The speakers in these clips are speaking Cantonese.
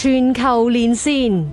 全球連線，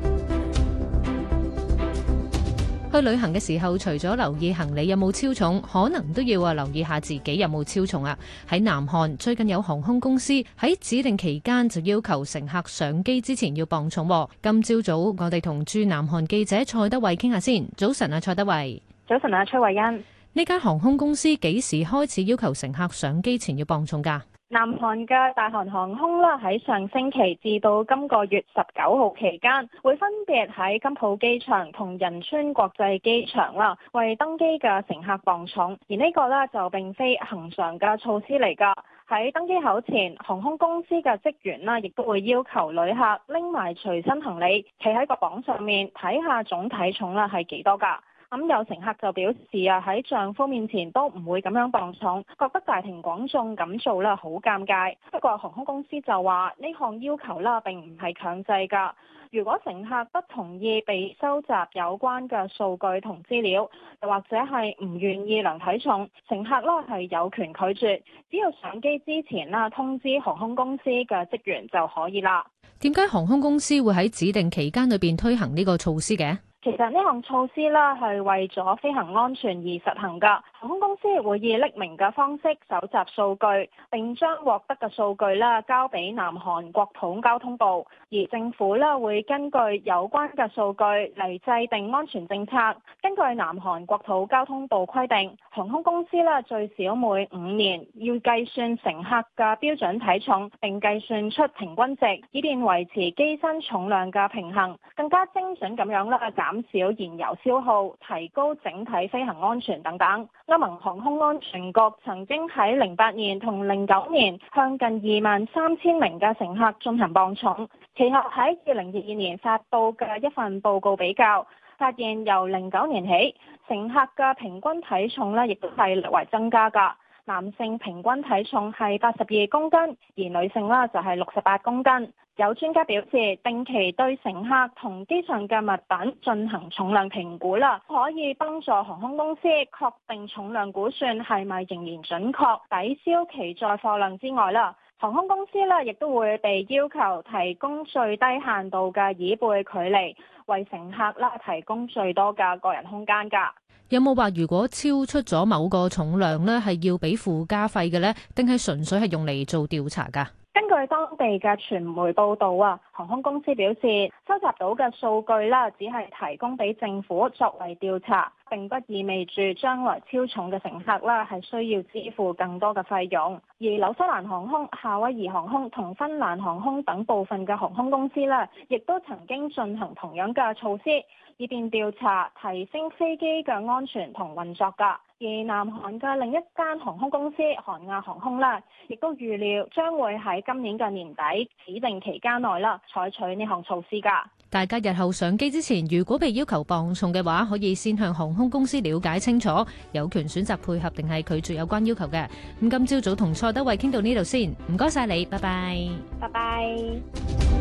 去旅行嘅時候，除咗留意行李有冇超重，可能都要啊留意下自己有冇超重啊！喺南韓最近有航空公司喺指定期間就要求乘客上機之前要磅重。今朝早，早，我哋同駐南韓記者蔡德蕙傾下先。早晨啊，蔡德蕙。早晨啊，崔蔚恩。呢間航空公司幾時開始要求乘客上機前要磅重㗎？南韓嘅大韓航空啦，喺上星期至到今個月十九號期間，會分別喺金浦機場同仁川國際機場啦，為登機嘅乘客磅重。而呢個咧就並非恆常嘅措施嚟噶。喺登機口前，航空公司嘅職員啦，亦都會要求旅客拎埋隨身行李，企喺個磅上面睇下總體重啦係幾多噶。咁有乘客就表示啊，喺丈夫面前都唔會咁樣磅重，覺得大庭廣眾咁做啦好尷尬。不過航空公司就話呢項要求啦並唔係強制噶，如果乘客不同意被收集有關嘅數據同資料，又或者係唔願意量體重，乘客啦，係有權拒絕，只要上機之前啦通知航空公司嘅職員就可以啦。點解航空公司會喺指定期間裏邊推行呢個措施嘅？其實呢項措施咧係為咗飛行安全而實行噶航空公司會以匿名嘅方式搜集數據，並將獲得嘅數據咧交俾南韓國土交通部，而政府呢，會根據有關嘅數據嚟制定安全政策。根據南韓國土交通部規定，航空公司呢，最少每五年要計算乘客嘅標準體重，並計算出平均值，以便維持機身重量嘅平衡，更加精準咁樣咧減少燃油消耗、提高整體飛行安全等等。歐盟航空安全局曾經喺零八年同零九年向近二萬三千名嘅乘客進行磅重，其後喺二零二二年發布嘅一份報告比較，發現由零九年起，乘客嘅平均體重咧亦都係略為增加噶。男性平均體重係八十二公斤，而女性啦就係六十八公斤。有專家表示，定期對乘客同機上嘅物品進行重量評估啦，可以幫助航空公司確定重量估算係咪仍然準確，抵消其載貨量之外啦。航空公司咧亦都會被要求提供最低限度嘅椅背距離，為乘客啦提供最多嘅個人空間㗎。有冇話如果超出咗某個重量咧，係要俾附加費嘅咧？定係純粹係用嚟做調查噶？根據當地嘅傳媒報道啊。航空公司表示，收集到嘅數據啦，只係提供俾政府作為調查，並不意味住將來超重嘅乘客啦係需要支付更多嘅費用。而紐西蘭航空、夏威夷航空同芬蘭航空等部分嘅航空公司啦，亦都曾經進行同樣嘅措施，以便調查提升飛機嘅安全同運作㗎。而南韓嘅另一間航空公司韓亞航空啦，亦都預料將會喺今年嘅年底指定期間內啦。採取呢項措施㗎，大家日後上機之前，如果被要求磅重嘅話，可以先向航空公司瞭解清楚，有權選擇配合定係拒絕有關要求嘅。咁今朝早同蔡德蕙傾到呢度先，唔該晒你，拜拜，拜拜。